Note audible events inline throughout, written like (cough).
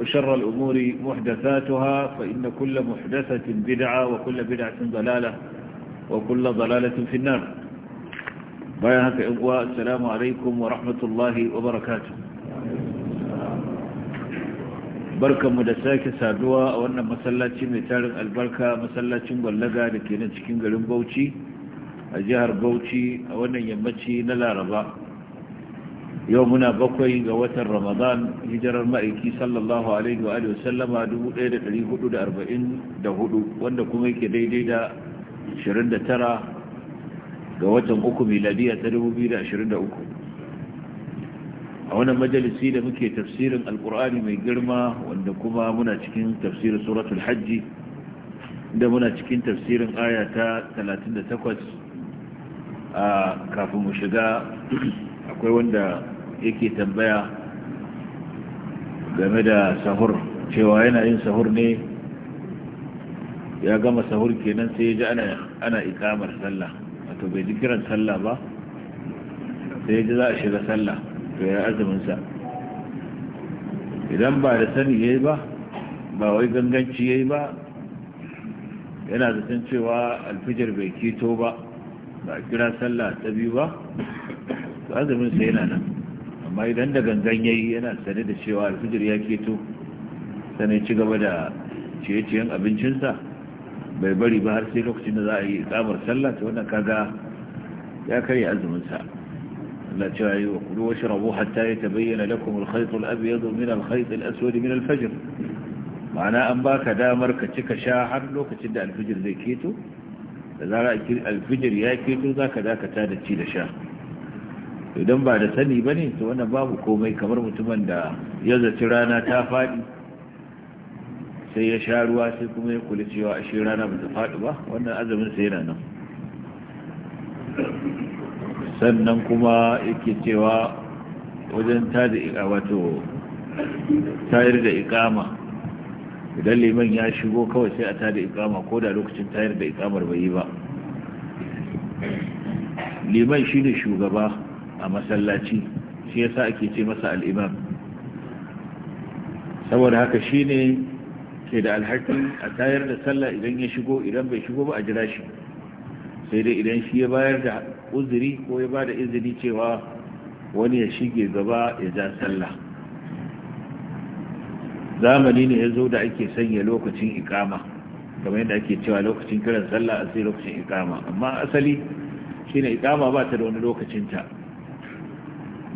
وشر الأمور محدثاتها فإن كل محدثة بدعة وكل بدعة ضلالة وكل ضلالة في النار بيانك إبواء السلام عليكم ورحمة الله وبركاته بركة مدساك سادوة وأن مسلاة مثال البركة مسلاة مبلغة لكي نتكين قلن بوتي الجهر بوتي وأن يمتي نلا رضا yau muna bakwai ga watan ramadan hijirar ma'aiki sallallahu alaihi wa sallama 1444 wanda kuma yake daidai da 29 ga watan uku miladiya ta 2023 a wannan majalisi da muke tafsirin alkur'ani mai girma wanda kuma muna cikin tafsirin suratul hajji da muna cikin tafsirin aya ta 38 a kafin mu shiga akwai wanda yake tambaya game da sahur cewa yana yin sahur ne ya gama sahur kenan sai ya ji ana ikamar sallah wato bai ji kiran sallah ba sai ya ji za a shiga sallah to ya azuminsa idan ba da sani ya ba ba wai ganganci ya yi ba yana zaton cewa alfijar bai kito ba ba kira sallah ta biyu ba azuminsa yana nan amma idan da gangan yayi yana sane da cewa alfijir ya keto sanai ci gaba da ciye-ciyen abincinsa bai bari ba har sai lokacin da za a yi tsamar sallah ta wannan kaga ya karya azuminsa Allah cewa yi wa kudu wasu rabu hatta ya tabayyana lakum alkhaitul abyadu min alkhaitul aswad min alfajr ma'ana an baka damar ka cika sha har lokacin da alfijir zai keto da zara alfijir ya keto zaka dakata da ci da sha idan ba da sani ba ne to wannan babu komai kamar mutumin da ya zaci rana ta faɗi sai ya sha ruwa sai kuma ya kula cewa shi rana ba ta faɗi ba wannan azumin sai yana nan sannan kuma yake cewa wajen tada wato tayar da ikama idan liman ya shigo kawai sai a da ikama ko da lokacin tayar da ikamar bai yi ba liman shi ne shugaba a masallaci shi yasa ake ce masa al'imam saboda haka shi ne ke da alhakin a tayar da sallah idan ya shigo idan bai shigo ba a jira shi sai dai idan shi ya bayar da uzuri ko ya bada izini cewa wani ya shige gaba ya ja sallah zamani ne ya zo da ake sanya lokacin ikama kamar yadda ake cewa lokacin kiran sallah a sai lokacin ikama amma asali shine ikama ba ta da wani lokacinta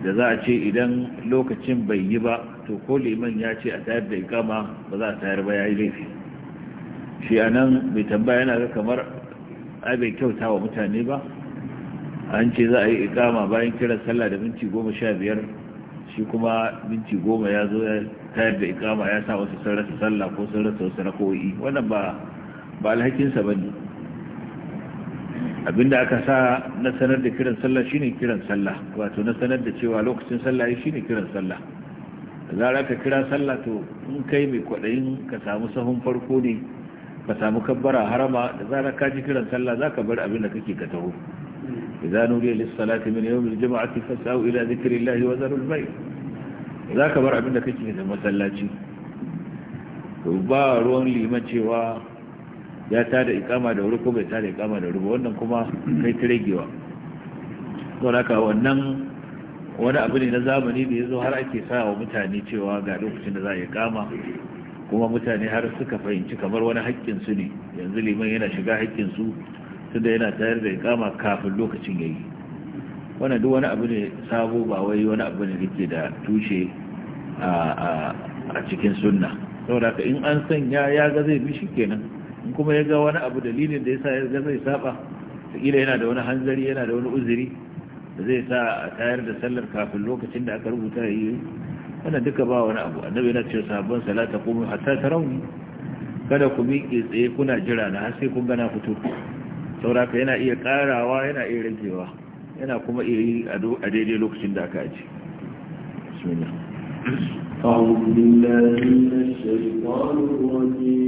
da za a ce idan lokacin bai yi ba to ko liman ya ce a tayar da ikama ba za a tayar ba ya yi laifi shi a nan mai tambaya yana ga kamar a bai kyauta wa mutane ba an ce za a yi ikama bayan kiran sallah da minti goma sha biyar shi kuma minti goma ya zo ya tayar da ikama ya sa wasu sun rasa sallah ko sun rasa wasu rako'i wannan ba alhakinsa ba ne abinda aka sa na sanar da kiran sallah shine kiran sallah wato na sanar da cewa lokacin sallah shine kiran sallah za a ka kira sallah to in kai mai kwaɗayin ka samu sahun farko ne ka samu kabbara harama da za ka kaji kiran sallah za ka bar abin da kake ka taho idan nuriya lissalati min yawmil jama'ati fasau ila zikrillahi wa zarul bay za ka bar abin da kake ka masallaci to ba ruwan liman cewa ya da ikama da wuri ko bai da ikama da wuri wannan kuma kai ta don haka wannan wani abu ne na zamani da ya zo har ake sa wa mutane cewa ga lokacin da za a yi kama kuma mutane har suka fahimci kamar wani haƙƙinsu ne yanzu liman yana shiga haƙƙinsu tunda yana tayar da ikama kafin lokacin ya yi wani duk wani abu ne sabo ba wai wani abu ne yake da tushe a cikin sunna saboda in an sanya ya ga zai bi shi kenan in kuma ya ga wani abu dalilin da ya sa ya zai saba sakila yana da wani hanzari yana da wani uzuri da zai sa a tayar da sallar kafin lokacin da aka rubuta ya yi wannan duka ba wani abu annabi yana cewa sabon salata kuma hatta rauni kada ku miƙe tsaye kuna jira na har sai kun gana fito sauraka yana iya karawa yana iya rajewa yana kuma iya yi a daidai lokacin da aka aji أعوذ بالله من الشيطان الرجيم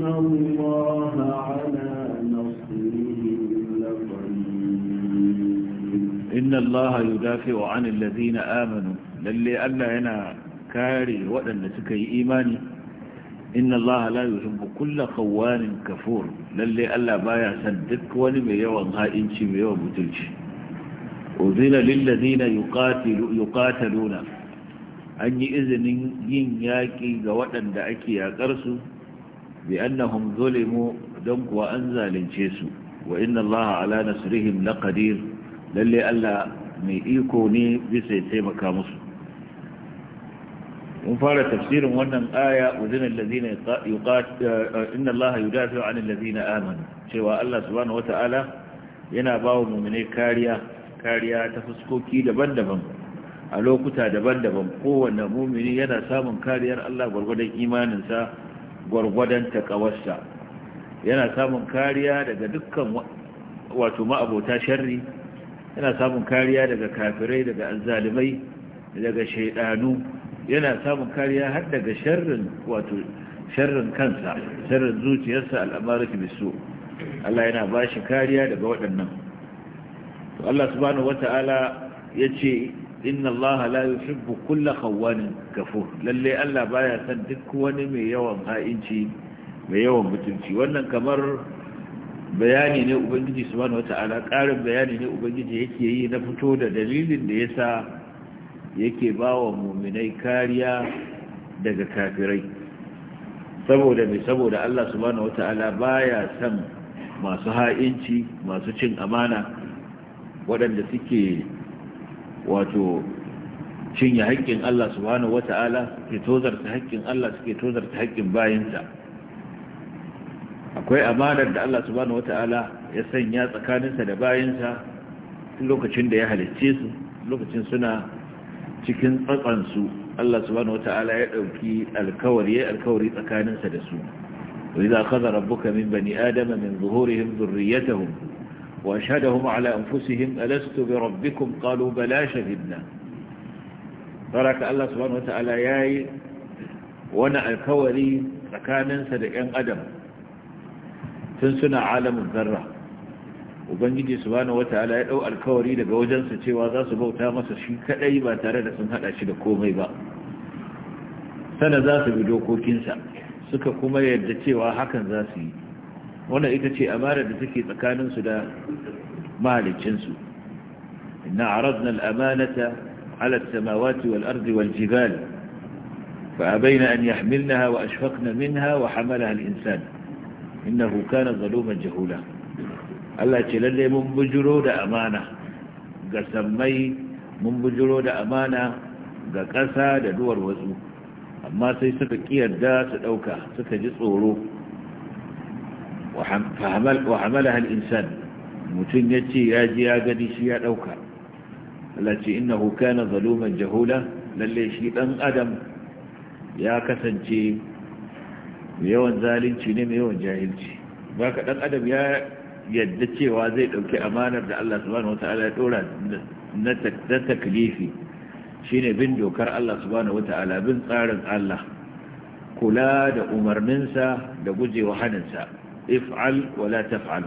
إن الله على نصرهم لقدير إن الله يدافع عن الذين آمنوا للي ألا هنا كاري وأن سكي إيماني إن الله لا يحب كل خوان كفور للي ألا بايا سندك ولم يوم هائنش ويوم بتلش أذن للذين يقاتل يقاتلون أن يإذن ين ياكي قوة دعكي يا قرسو بأنهم ظلموا دمك وأنزى لنشيسو وإن الله على نسرهم لقدير للي ألا ميئيكوني بسيتي مكامس منفار تفسير وأن آية وذن الذين يقات إن الله يدافع عن الذين آمنوا شوى الله سبحانه وتعالى ينابعوا مؤمني كاريا كاريا تفسكوكي دبن دبن a lokuta daban-daban kowane mumini yana samun kariyar Allah gwargwadon imaninsa gwargwadon takawarsa yana samun kariya daga dukkan wato ma'abota sharri yana samun kariya daga kafirai daga azzalimai daga shaidanu yana samun kariya har daga sharrin wato sharrin kansa sharrin zuciyarsa al'amarati bisu Allah yana ba shi kariya daga waɗannan to Allah subhanahu wata'ala ya ce inna allaha la yuhibbu kulla khawanin kafur lalle Allah baya san duk wani mai yawan ha'inci mai yawan mutunci wannan kamar bayani ne ubangiji subhanahu wata'ala karin bayani ne ubangiji yake yi na fito da dalilin da yasa yake bawa muminai kariya daga kafirai saboda mai saboda Allah subhanahu wata'ala baya san masu ha'inci masu cin amana waɗanda suke wato cinye haƙƙin Allah subhanahu wata'ala suke tozarta haƙƙin Allah suke tozarta haƙƙin bayinsa akwai amanar da Allah subhanahu wata'ala ya sanya tsakaninsa da bayinsa lokacin da ya halicce su lokacin suna cikin tsakansu Allah subhanahu wata'ala ya ɗauki alkawari ya alkawari tsakaninsa da su وإذا أخذ ربك min بني آدم من ظهورهم ذريتهم وأشهدهم على أنفسهم ألست بربكم قالوا بلا شهدنا ترك الله سبحانه وتعالى ياي وانا الكوري tsakanin sa da 'yan adam tun suna alamin zarra ubangiji subhanahu wataala ya dau alkawari daga wajensa cewa za su bauta masa shi kaɗai ba tare da sun hada shi da komai ba sana za su bi dokokinsa suka kuma yarda cewa hakan za su yi wannan ita ce amara da take tsakaninsu da mahaliccinsu inna aradna al'amanata ala samawati wal ardi wal jibal fa abaina an yahmilnaha wa ashfaqna minha wa hamalaha al insan ina kana zaluman jahula Allah ce lalle mun bujuro da amana ga sammai mun bujuro da amana ga ƙasa da duwar amma sai suka ƙiyarda su ɗauka suka ji tsoro wa hamalaha al-insan mutum yace ya ji ya gani shi ya ɗauka. Allah ce innahu kana zaluman jahula lalle shi dan adam ya kasance yawan zalunci ne mai yawan jahilci baka dan adam ya yadda cewa zai dauki amanar da Allah subhanahu wataala ya dora na taklifi shine bin dokar Allah subhanahu wataala bin tsarin Allah kula da umarninsa da gujewa haninsa if'al wala taf'al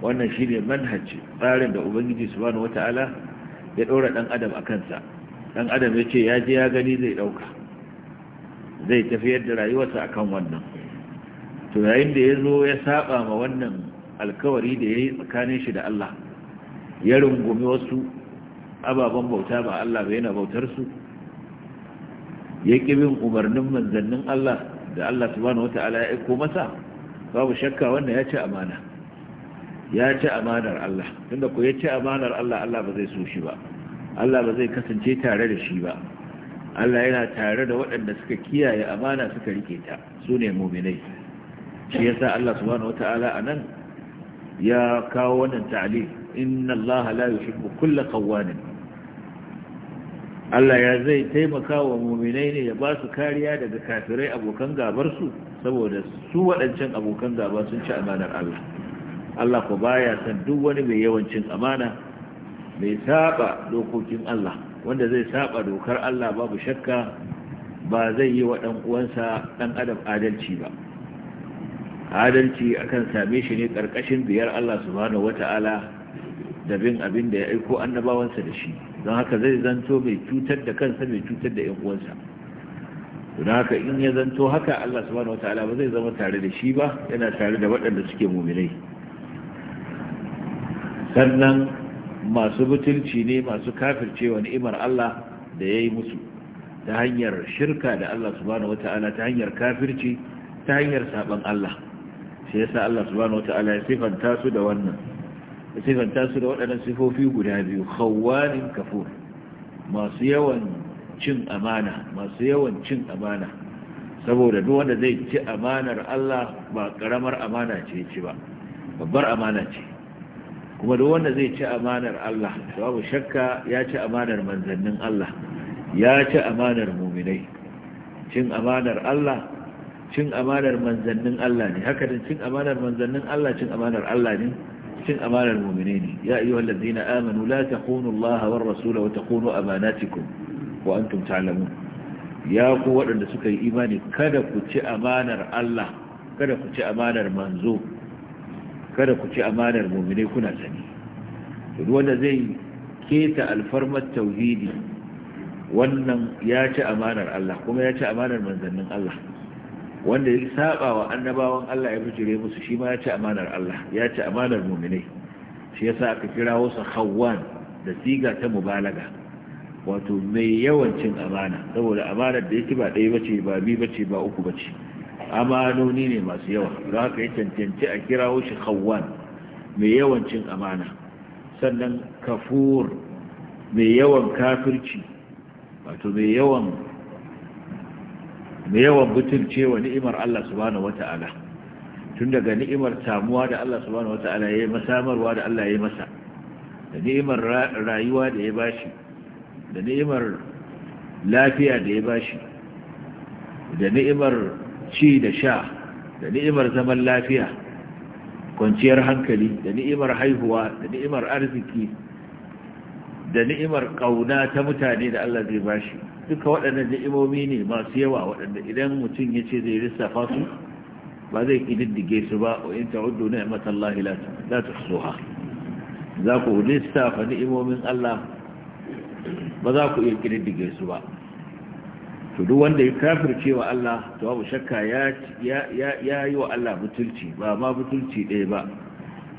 wannan shine manhaji tsarin da ubangiji subhanahu wataala ya ɗora ɗan adam a kansa ɗan adam ya ce ya je ya gani zai ɗauka zai tafiyar da rayuwarsa akan wannan to yayin da ya zo ya saba ma wannan alkawari da ya yi tsakanin shi da Allah ya rungumi wasu ababen bauta ba Allah ba yana bautar su ya ƙi bin umarnin manzannin Allah da Allah subhanahu wata'ala ya aiko masa babu shakka wannan ya ci amana ya ci amanar Allah tunda ku ya ci amanar Allah Allah ba zai so shi ba Allah ba zai kasance tare da shi ba Allah yana tare da waɗanda suka kiyaye amana suka rike ta su ne muminai shi yasa Allah subhanahu wataala anan ya kawo wannan ta'lil inna Allah la yuhibbu kulla qawwanin Allah ya zai taimaka wa muminai ne ya ba su kariya daga kafirai abokan gabar su saboda su waɗancan abokan gaba sun ci amanar Allah Allah ko baya san duk wani mai yawancin amana mai saba dokokin Allah wanda zai saba dokar Allah babu shakka ba zai yi wa ɗan uwansa ɗan adam adalci ba adalci akan same shi ne ƙarƙashin biyar Allah subhanahu wata'ala da bin abin da ya aiko annabawansa da shi don haka zai zanto mai cutar da kansa mai cutar da 'yan uwansa don haka in ya zanto haka Allah subhanahu wataala ba zai zama tare da shi ba yana tare da waɗanda suke muminai sannan masu butulci ne masu kafircewa ni'imar Allah da ya yi musu ta hanyar shirka da Allah subhanahu wataala ta hanyar kafirci ta hanyar saban Allah shi yasa Allah subhanahu wataala ya sifanta su da wannan ya sifanta su da waɗannan sifofi guda biyu khawwanin kafur masu yawan cin amana masu yawan cin amana saboda duk wanda zai ci amanar Allah ba karamar amana ce ci ba babbar amana ce kuma duk wanda zai ci amanar Allah babu shakka ya ci amanar manzannin Allah ya ci amanar muminai cin amanar Allah cin amanar manzannin Allah ne haka din cin amanar manzannin Allah cin amanar Allah ne cin amanar muminai ne ya ayyuhal ladina amanu la takunu Allah war rasula wa takunu amanatikum wa antum ya ku waɗanda suka yi imani kada ku ci amanar Allah kada ku ci amanar manzo kada ku ci amanar mu'mine kuna sani wanda zai keta alfarmar tauhidi wannan ya ci amanar Allah kuma ya ci amanar manzannin Allah wanda ya saba wa annabawan Allah ya bujire musu shi ma ya ci amanar Allah ya ci amanar muminai shi yasa aka kira wasu hawan da siga ta mubalaga wato mai yawancin amana saboda amanar da yake ba ɗaya bace ba biyu bace ba uku bace amanoni ne masu yawa don haka ya cancanci a kira shi khawwan mai yawancin amana sannan kafur mai yawan kafirci wato mai yawan mai yawan butulce wa ni'imar Allah subhanahu wata'ala tun daga ni'imar samuwa da Allah subhanahu wata'ala ya yi masamarwa da Allah ya yi masa da ni'imar rayuwa da ya bashi da ni'imar lafiya da ya bashi da ni'imar ci da sha da ni'imar zaman lafiya kwanciyar hankali da ni'imar haihuwa da ni'imar arziki da ni'imar ƙauna ta mutane da Allah zai bashi duka waɗannan ni'imomi ne masu yawa waɗanda idan mutum ya ce zai lissafa su ba zai ƙididdige su ba wa in ta'uddu ni'matallahi la tuhsuha za ku lissafa ni'imomin Allah ba za ku iya kididdige su ba to duk wanda ya kafir wa Allah to babu shakka ya ya yi wa Allah butulci ba ma butulci ɗaya ba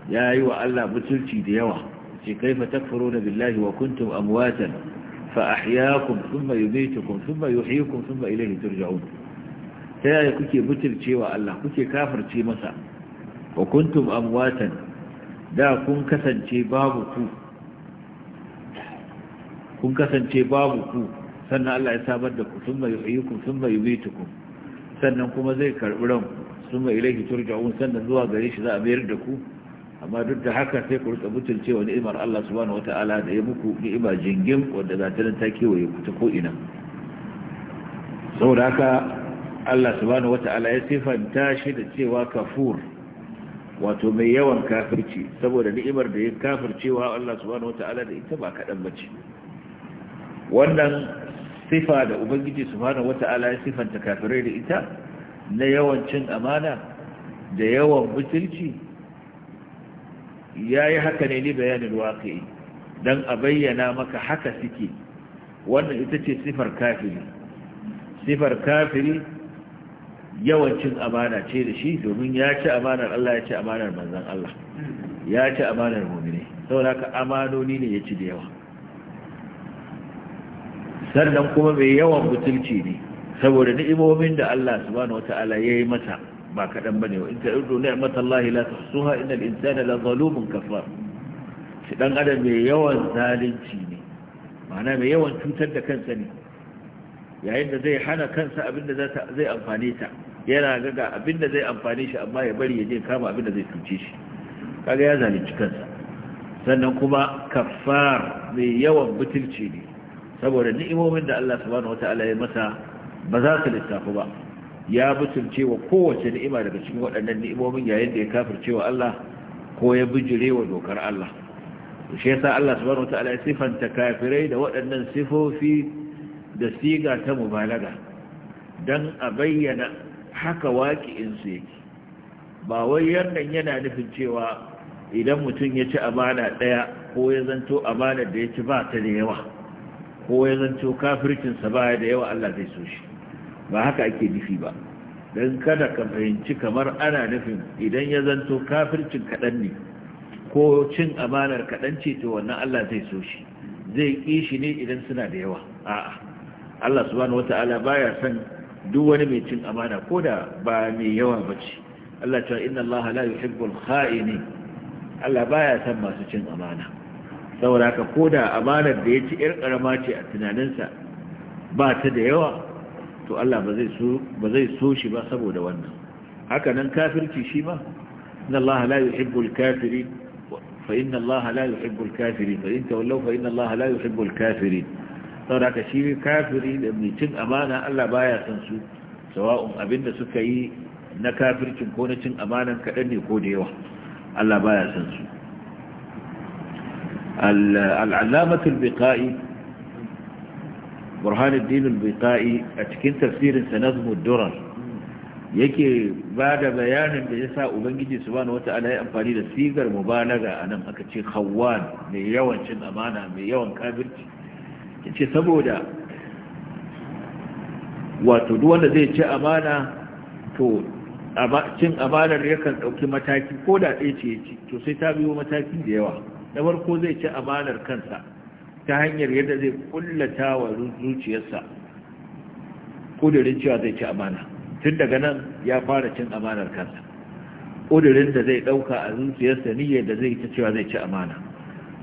ya yi wa Allah butulci da yawa ce kaifa takfuruna billahi wa kuntum amwatan fa ahyaakum thumma yumeetukum thumma yuhyikum thumma ilayhi turja'un ta yaya kuke butulce wa Allah kuke kafirce masa wa kuntum amwatan da kun kasance babu ku kun kasance babu ku sannan Allah ya samar da ku sun mai yuhyikum sun mai ku. sannan kuma zai karbi ranku sun mai ilaihi turja'un sannan zuwa gare shi za a mayar da ku amma duk da haka sai ku rika butulce wa ni'imar Allah subhanahu wata'ala da ya muku ni'ima jingin wanda za ta nan ta kewaye ku ta ko'ina saboda haka Allah subhanahu wata'ala ya sifanta shi da cewa kafur wato mai yawan kafirci saboda ni'imar da ya kafircewa Allah subhanahu wata'ala da ita ba kaɗan ba ce wannan sifa da ubangiji subhanahu wata'ala ya sifanta kafirai da ita na yawan cin amana da yawan butulci ya yi haka ne ni bayanin waƙi don a bayyana maka haka suke wannan ita ce sifar kafiri sifar kafiri yawancin amana ce da shi domin ya ci amanar Allah ya ci amanar manzan Allah ya ci amanar mummine saboda ka amanoni ne ya ci da yawa sannan kuma mai yawan butulci ne saboda ni'imomin da Allah subhanahu wata'ala ya yi masa ba kaɗan ba ne wa inta irdu ni'matallahi la tuhsuha innal insana la zalumun kafar shi dan adam mai yawan zalunci ne ma'ana mai yawan cutar da kansa ne yayin da zai hana kansa abin da zai amfane ta yana ga abin da zai amfane shi amma ya bari ya je kama abin da zai cuce shi kaga ya zalunci kansa sannan kuma kafar mai yawan butulci ne saboda ni'imomin da Allah subhanahu wata'ala ya masa ba za su lissafu ba ya butulce wa kowace ni'ima daga cikin waɗannan ni'imomin yayin da ya kafirce wa Allah ko ya bijire wa dokar Allah shi yasa Allah subhanahu wata'ala ya sifanta kafirai da waɗannan sifofi da siga ta mubalaga dan a bayyana haka su yake ba wai yannan yana nufin cewa idan mutum ya ci amana ɗaya ko ya zanto amanar da ya ci ba ta da yawa ko ya zanto kafircinsa baya da yawa Allah zai so shi ba haka ake nufi ba don kada ka fahimci kamar ana nufin idan ya zanto kafircin kaɗan ne ko cin amanar kaɗan ce to wannan Allah zai so shi zai ƙi shi ne idan suna da yawa a'a Allah subhanahu wata'ala baya son duk wani mai cin amana ko da ba mai yawa ba ce Allah cewa inna Allah la yuhibbul kha'ini Allah baya san masu cin amana saboda ka da amanar da ya ci yar karama ce a tunaninsa ba ta da yawa to Allah ba zai so shi ba saboda wannan haka nan kafirci shi ma inna Allah la yuhibbul kafirin fa inna Allah la yuhibbul kafirin fa in tawallaw fa inna Allah la yuhibbul kafirin saboda ka shi kafiri da mai cin amana Allah baya san su sawa'un abinda suka yi na kafircin ko na cin amanan kaɗan ne ko da yawa Allah baya san su al'allamatul biqa'i burhanuddin al-biqa'i a cikin tafsirin sa nazmud durar yake ba da bayanin da ya sa ubangiji subhanahu wata'ala ya amfani da sigar mubalaga a nan aka ce hawan mai yawan cin amana mai yawan kabirci, ya ce saboda wato duwanda zai ci amana to cin amanar yakan ɗauki mataki ko da ɗaya ce to sai ta biyo mataki da yawa na farko zai ci amanar kansa ta hanyar yadda zai kullata wa zuciyarsa ƙudurin cewa zai ci amana tun daga nan ya fara cin amanar kansa ƙudurin da zai ɗauka a zuciyarsa niyyar yadda zai ta cewa zai ci amana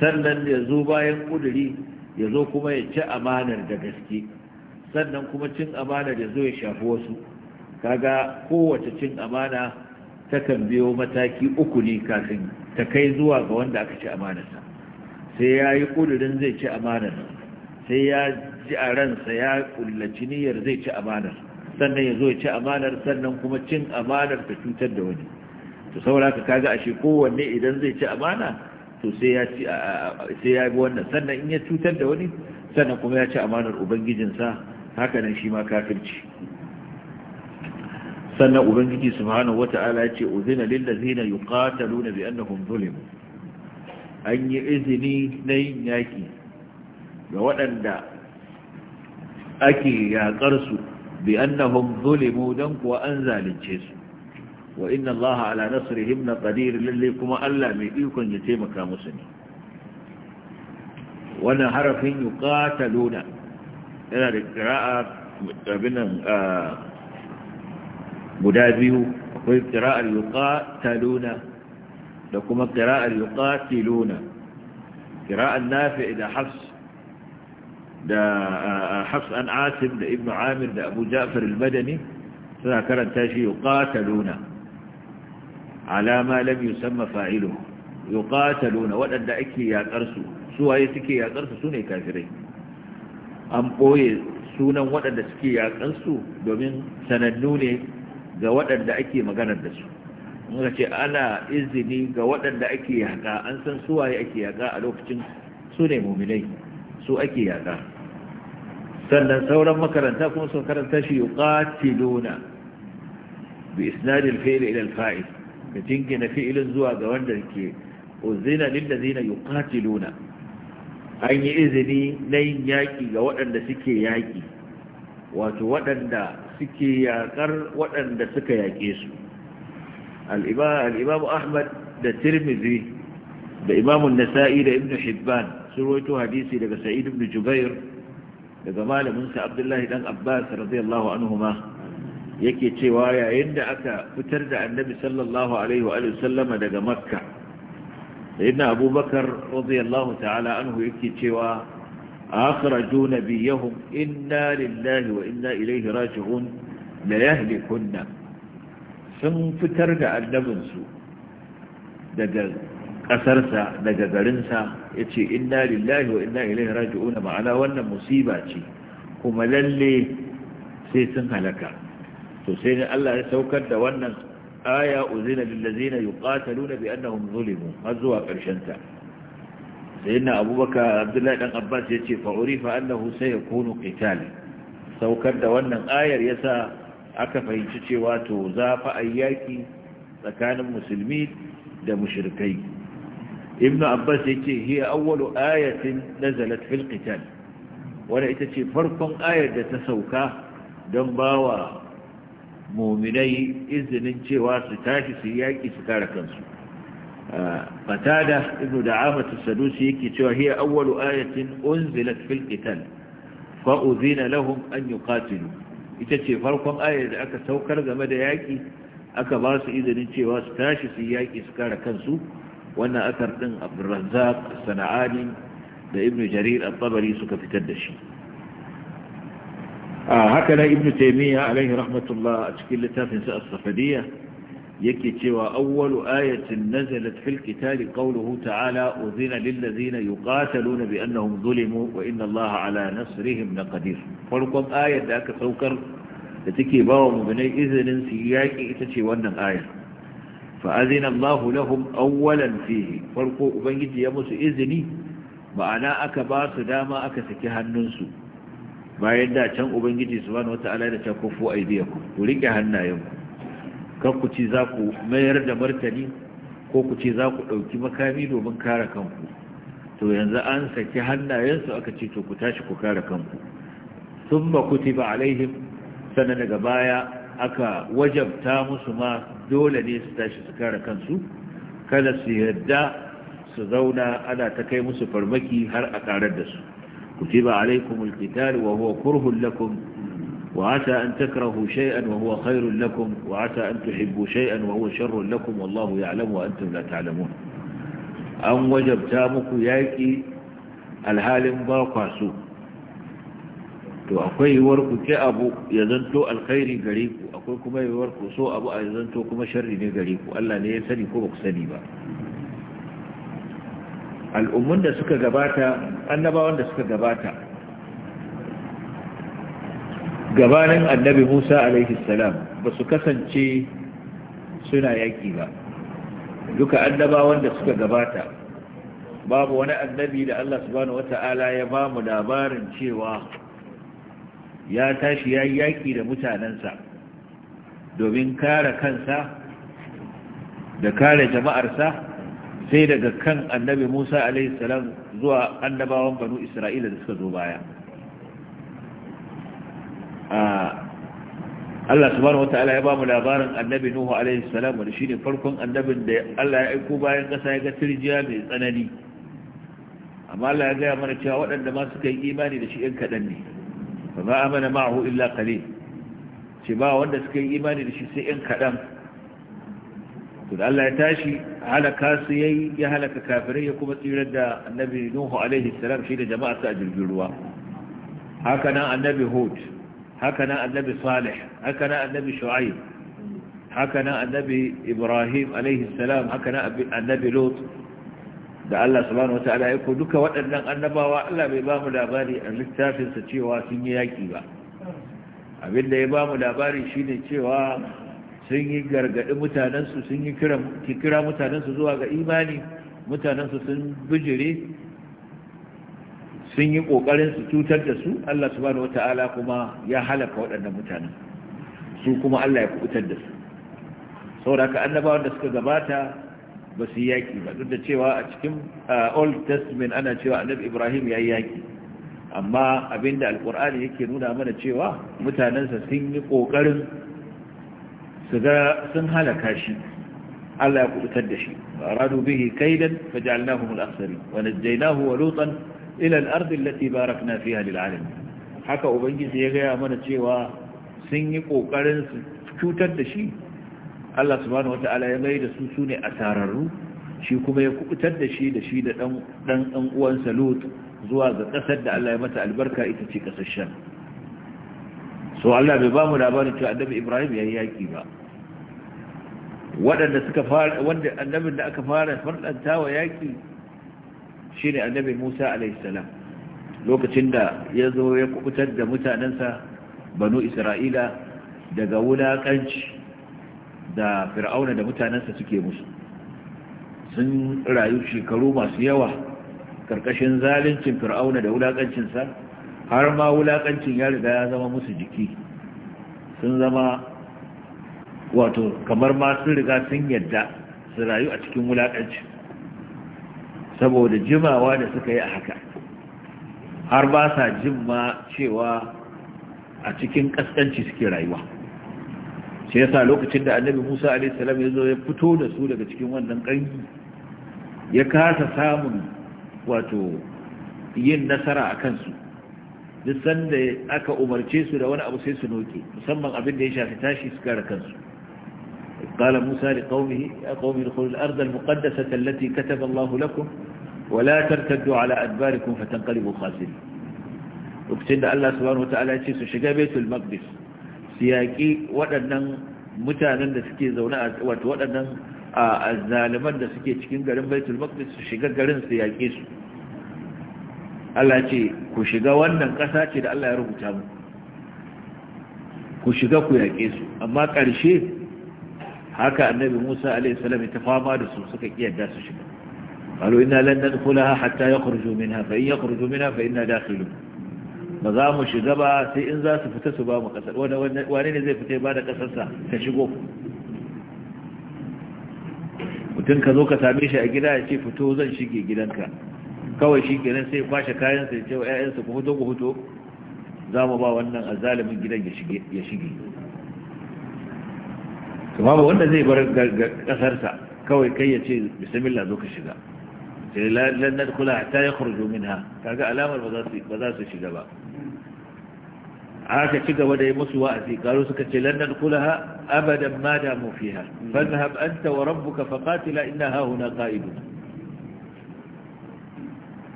sannan ya zo bayan kuduri ya zo kuma ya ci amanar da gaske sannan kuma cin amanar ya zo ya shafi wasu kaga kowace cin amana takan biyo mataki uku ne kafin ta kai zuwa ga wanda aka ci amanarsa sai ya yi ƙudurin zai ci amanar sai ya ji a ransa ya ƙullaci niyyar zai ci amanar sannan ya zo ya ci amanar sannan kuma cin amanar ta cutar da wani to saboda ka kaga ashe kowanne idan zai ci amana to sai ya bi wannan sannan in ya cutar da wani sannan kuma ya ci amanar ubangijinsa haka nan shi ma kafirci sannan ubangiji subhanahu wata'ala ya ce uzina lillazina yuqataluna bi annahum zulimu an yi izini na yin yaki ga waɗanda ake yaƙar su bi annahum zulimu kuwa an zalunce su wa inna allaha ala nasrihim laqadir lalle kuma Allah mai ikon ya taimaka musu ne wannan harafin yuqataluna yana da qira'a abinan ah, guda biyu akwai kiraar qira'ar luna da kuma kiraar qira'ar luna kiraar nafi da hafs da hafs an asim da ibnu amir da abu ja'far al-madani suna karanta shi yuqataluna ala ma lam yusamma fa'iluhu luna waɗanda ake yakar su suwaye suke yakar su ne kafirai an ɓoye sunan waɗanda suke yaƙansu domin sanannu ne ga waɗanda ake maganar da su muka ce ana izini ga waɗanda ake yaƙa an san suwaye ake yaƙa a lokacin su ne muminai su ake yaƙa sannan sauran makaranta kuma sun karanta shi yi ƙatiluna bi isnadin fi'il ila alfa'il ka jingina fi'ilin zuwa ga wanda ke uzina lillazina yuqatiluna an yi izini na yin yaƙi ga waɗanda suke yaƙi wato waɗanda suke yaƙar waɗanda suka yake su al'imamu ahmad da tirmizi da imamun nasa'i da ibn hibban sun roito hadisi daga sa'id ibn jubair daga malaminsa abdullahi dan abbas radiyallahu anhuma yake cewa yayin da aka fitar da annabi sallallahu alaihi wa sallama daga makka sayyidina abubakar radiyallahu ta'ala anhu yake cewa akhraju nabiyahum inna lillahi wa inna ilaihi raji'un sun fitar da annabinsu daga ƙasarsa daga garinsa ya ce inna lillahi wa inna ilaihi raji'un ma'ana wannan musiba ce kuma lalle sai sun halaka to sai Allah ya saukar da wannan aya uzina lillazina yuqataluna bi annahum zulimu har zuwa ƙarshen ta sayyidina abubakar abdullahi ɗan abbas ya ce fa'urifa annahu sayakunu qital saukar da wannan ayar yasa aka fahimci cewa to za fa ayyaki tsakanin musulmi da mushrikai ibnu abbas yace hiya awwalu ayatin nazalat fil qital wanda ita ce farkon ayar da ta sauka don ba wa muminai izinin cewa su tashi su yaki su kare kansu qatada da da'amatu sadusi yake cewa hiya awwalu ayatin unzilat fil qital fa udhina lahum an yuqatilu ita ce farkon ayar da aka saukar game da yaki aka ba su izinin cewa su tashi su yaki su kare kansu wannan asar din Abdurrazzaq Sana'ani da Ibn Jarir al-Tabari suka fitar da shi A haka na, Ibn Taymiyyah alaihi rahmatullah a cikin littafin sa As-Safadiyya yake cewa awwalu ayatin nazalat fil qitali qawluhu ta'ala uzina lil ladzina yuqataluna bi annahum zulimu wa inna allaha ala nasrihim laqadir farkon ayar da aka saukar da take bawa mu'minai izinin su yaki ita ce wannan ayar fa azina allahu lahum awwalan fihi farko ubangiji ya musu izini ma'ana aka ba su dama aka saki hannunsu bayan da can ubangiji subhanahu wata'ala da ta kufu aydiyakum ku rike hannayenku kan ku ce za ku mayar da martani ko ku ce za ku ɗauki makami domin kare kanku to yanzu an saki hannayensu aka ce to ku tashi ku kare kanku sun ba ku ba alaihim sannan daga baya aka wajabta musu ma dole ne su tashi su kare kansu kada su yarda su zauna ana ta kai musu farmaki har a karar da su ku ce ba alaikum alkitar wa huwa kurhun lakum وعسى أن تكرهوا شيئا وهو خير لكم وعسى أن تحبوا شيئا وهو شر لكم والله يعلم وأنتم لا تعلمون أن وجبتامك ياكي الهال باقاسو to akwai yiwuwar ku ke abu ya zanto alkhairi gare ku akwai kuma yiwuwar ku so abu ya zanto kuma sharri ne gare ku Allah ne ya sani ko ba ku sani ba suka gabata annabawan da suka gabata gabanin annabi Musa alaihi salam ba su kasance suna yaki ba duka annabawan da suka gabata babu wani annabi da Allah subhanahu wata'ala ya ba mu labarin cewa ya tashi ya yaki da mutanensa domin kare kansa da kare jama'arsa sai daga kan annabi Musa alaihi salam zuwa annabawan banu Isra'ila da suka zo baya Ah, Allah subhanahu wataala ya ba mu labarin annabi Nuhu alaihi salam wanda shine farkon annabin da Allah ya aiko bayan kasa ya ga turjiya mai tsanani amma Allah ya gaya mana cewa waɗanda ma suka yi imani da shi ɗan kaɗan ne ba ma amana ma'ahu illa qalil ce ba wanda suka yi imani da shi sai ɗan kaɗan to da Allah ya tashi halaka su yayi ya halaka kafirai ya kuma tsirar da annabi Nuhu alaihi salam shi da jama'a sa jirgin ruwa haka nan annabi Hud haka nan annabi salih haka nan annabi shu'aib haka nan annabi ibrahim alaihi salam haka nan annabi Lut, da Allah subhanahu wataala ya ko duka waɗannan annabawa Allah bai ba mu labari a littafinsa cewa sun yi yaƙi ba Abin da ya ba mu labari shine cewa sun yi gargaɗi mutanensu sun yi kira mutanensu zuwa ga imani mutanensu sun bijire sun yi ƙoƙarin su cutar da su Allah subhanahu wata'ala kuma ya halaka waɗannan mutanen su kuma Allah ya kubutar da su saboda annabawan da suka gabata ba su yi yaƙi ba duk da cewa a cikin old testament ana cewa annabi ibrahim ya yi yaƙi amma abinda alkur'ani yake nuna mana cewa mutanensa sun yi ƙoƙarin su ga sun halaka shi Allah ya kubutar da shi radu bihi kaidan fajalnahu al-akhsari wa najjaynahu wa lutan ila al-ardi allati barakna fiha lil alamin haka ubangiji ya gaya mana cewa sun yi kokarin su cutar da shi Allah subhanahu wataala ya mai da su sune asararru shi kuma ya kubutar da shi da shi da dan dan zuwa ga kasar da Allah ya mata albarka ita ce kasar Sham so Allah bai ba mu labarin cewa annabi Ibrahim yayi yaki ba waɗanda suka fara wanda annabin da aka fara farɗanta wa yaki shine annabi Musa alaihi salam lokacin da ya zo ya kubutar da mutanensa banu Isra'ila daga wulakanci da fir'auna da mutanensa suke musu sun rayu shekaru masu yawa karkashin zalincin fir'auna da wulakancinsa har ma wulakancin ya riga ya zama musu jiki sun zama wato kamar ma sun riga sun yadda su rayu a cikin wulakancin saboda jimawa da suka yi a haka har ba sa jimma cewa a cikin kaskanci suke rayuwa shi yasa lokacin da annabi musa alaihissalam ya zo ya fito da su daga cikin wannan ƙangi ya kasa samun wato yin nasara a kansu duk sanda aka umarce su da wani abu sai su noke musamman abin da ya shafi tashi su kare kansu قال موسى لقومه يا قوم ادخلوا الأرض المقدسة التي كتب الله لكم wala ترتدوا على adbarikum فتنقلبوا khasirin lokacin da Allah وتعالى wataala ya ce su shiga ودنن Maqdis su yaƙi waɗannan mutanen da suke zaune a da suke cikin garin Baitul Maqdis su shiga garin su Allah ce ku wannan da Allah ya rubuta mu ku shiga ku yaƙe amma ƙarshe haka annabi Musa alayhi salam ya ta fama da su suka kiyarda su shiga قالوا إنا لن ندخلها حتى يخرجوا منها فإن يخرجوا منها فإنا داخلوا ba za mu shiga ba sai in za su fita su ba mu kasar wane ne zai fita ba da kasarsa ta shigo shi ke nan sai kwashe kayan sai cewa wa 'ya'yansa ku fito ku fito za mu ba wannan azalimin gidan ya shige kuma ba wanda zai bar kasarsa kawai kai ya ce bismillah zo ka shiga sai eh, lan nadkhula hatta yakhruju minha kaga alamar ba za su ba za su shiga ba haka ci gaba da yi musu wa'azi karo suka ce lan nadkhulaha abadan ma damu fiha fadhhab anta wa rabbuka faqatila inna ha huna qa'idun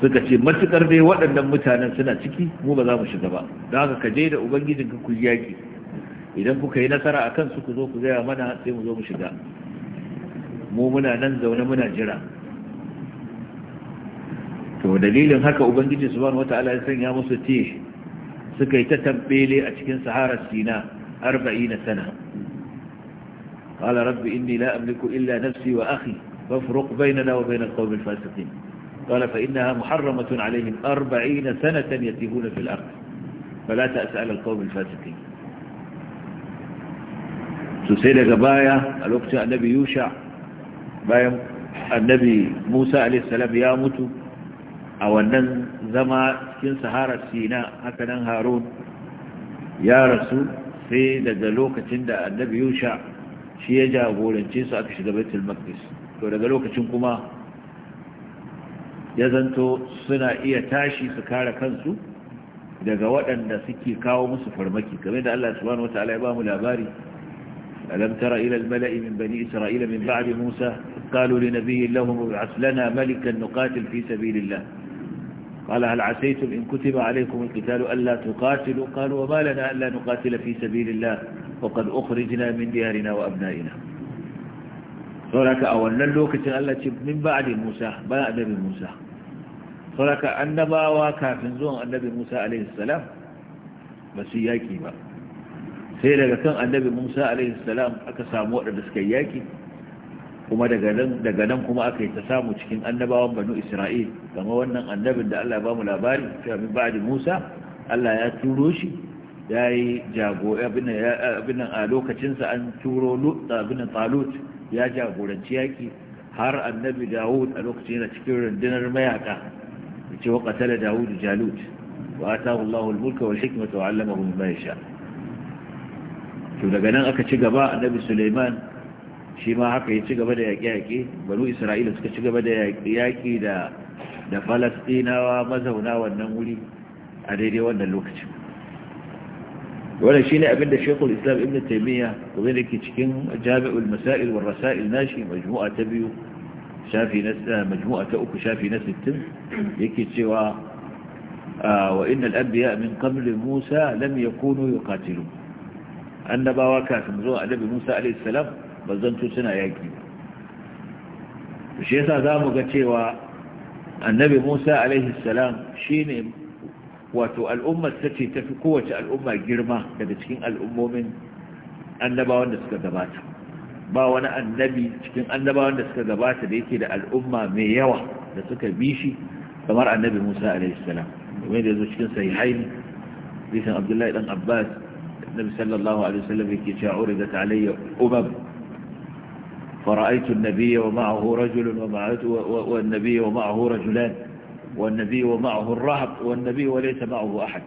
suka ce matukar dai waɗannan mutanen suna ciki mu ba za mu shiga ba don haka ka je da ubangijin ku yaki idan kuka yi nasara a kan su ku zo ku gaya mana sai mu zo mu shiga mu muna nan zaune muna jira to dalilin haka ubangiji subhanahu wata'ala ya sanya musu ti suka yi ta tambele a cikin saharar sina 40 sana qala rabbi inni la amliku illa nafsi wa akhi fafruq bainana wa bain alqawmi alfasiqin qala fa innaha muharramatun alayhim 40 sanatan yatihuna fil ardh fala ta'sal alqawmi alfasiqin to sai daga baya a lokacin annabi yusha bayan annabi musa alaihissalam ya mutu a wannan zama cikin sahara sina haka nan harun ya rasu sai daga lokacin da annabi yusha shi ya jagorance su aka shiga baitul maqdis to daga lokacin kuma ya zanto suna iya tashi su kare kansu daga waɗanda suke kawo musu farmaki kamar da Allah subhanahu wataala ya ba mu labari ألم تر إلى الملأ من بني إسرائيل من بعد موسى قالوا لنبي لهم ابعث لنا ملكا نقاتل في سبيل الله قال هل عسيتم إن كتب عليكم القتال ألا تقاتلوا قالوا وما لنا ألا نقاتل في سبيل الله وقد أخرجنا من ديارنا وأبنائنا sauraka أولنا اللوكة التي من بعد موسى بلا da موسى ba أنبا وكافنزون sauraka موسى عليه السلام بس Musa بقى sai daga kan annabi musa alaihi salam aka samu waɗanda suka yi yaƙi kuma daga nan kuma aka yi ta samu cikin annabawan banu isra'il kama wannan annabin da allah ba mu labari cewa min ba'di musa allah ya turo shi ya yi jago abin a lokacinsa an turo abin talut ya jagoranci yaƙi har annabi dawud a lokacin yana cikin rundunar mayaka da cewa ƙasar dawud jalut wa atahu allahul mulka wal hikmata wa allamahu mimma sha. to daga nan aka ci gaba annabi suleiman shi ma haka ya ci gaba da yaƙe-yaƙe banu isra'ila suka ci gaba da yaƙi da da falastinawa mazauna wannan wuri a daidai wannan lokacin wannan shine ne abinda shekul islam ibn taimiyya kuma da ke cikin jami'ul masail wa rasail nashi majmu'a ta biyu shafi na eh, majmu'a ta uku shafi na 60 yake cewa ah, wa innal anbiya min qabli musa lam yakunu yuqatilun annabawa kafin zuwa annabi Musa alaihi salam bazanto suna yaki shi yasa zamu ga cewa annabi Musa alaihi salam shine wato al'ummar sace tafi kowace al'umma girma daga cikin al'ummomin annabawan da suka gabata ba wani annabi cikin annabawan da suka gabata da yake da al'umma mai yawa da suka bi shi kamar annabi Musa alaihi salam domin da yazo cikin sahihaini bisan Abdullahi dan Abbas النبي صلى الله عليه وسلم في كيشاء عرضت علي أمم فرأيت النبي ومعه رجل ومعه والنبي ومعه رجلان والنبي ومعه الرهب والنبي وليس معه أحد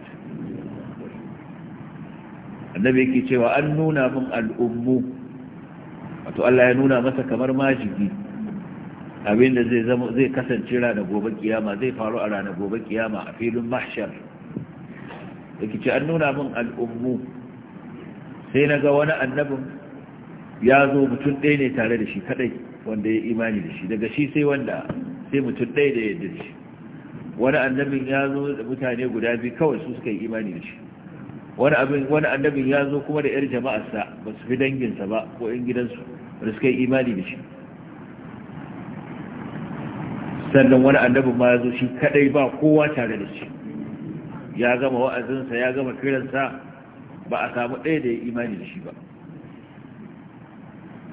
النبي كيشاء وأنونا من الأم وتقال أنونا ينونا مسك مرماجي أبين زي, زي كسن شلا نبوب الكيامة زي فارو على نبوب الكيامة فيل محشر يكي تأنونا من الأمو sai na ga wani annabin ya zo mutum ɗaya ne tare da shi kaɗai wanda ya imani da shi daga shi sai wanda sai mutum ɗaya da yadda da shi wani annabin ya zo da mutane guda biyu kawai su suka yi imani da shi wani annabin ya zo kuma da 'yar jama'arsa ba su fi danginsa ba ko 'yan gidansu da suka yi imani da shi sannan wani annabin ma ya zo shi kaɗai ba kowa tare da shi ya gama wa'azinsa ya gama kiransa ba a samu ɗaya da ya imani da shi ba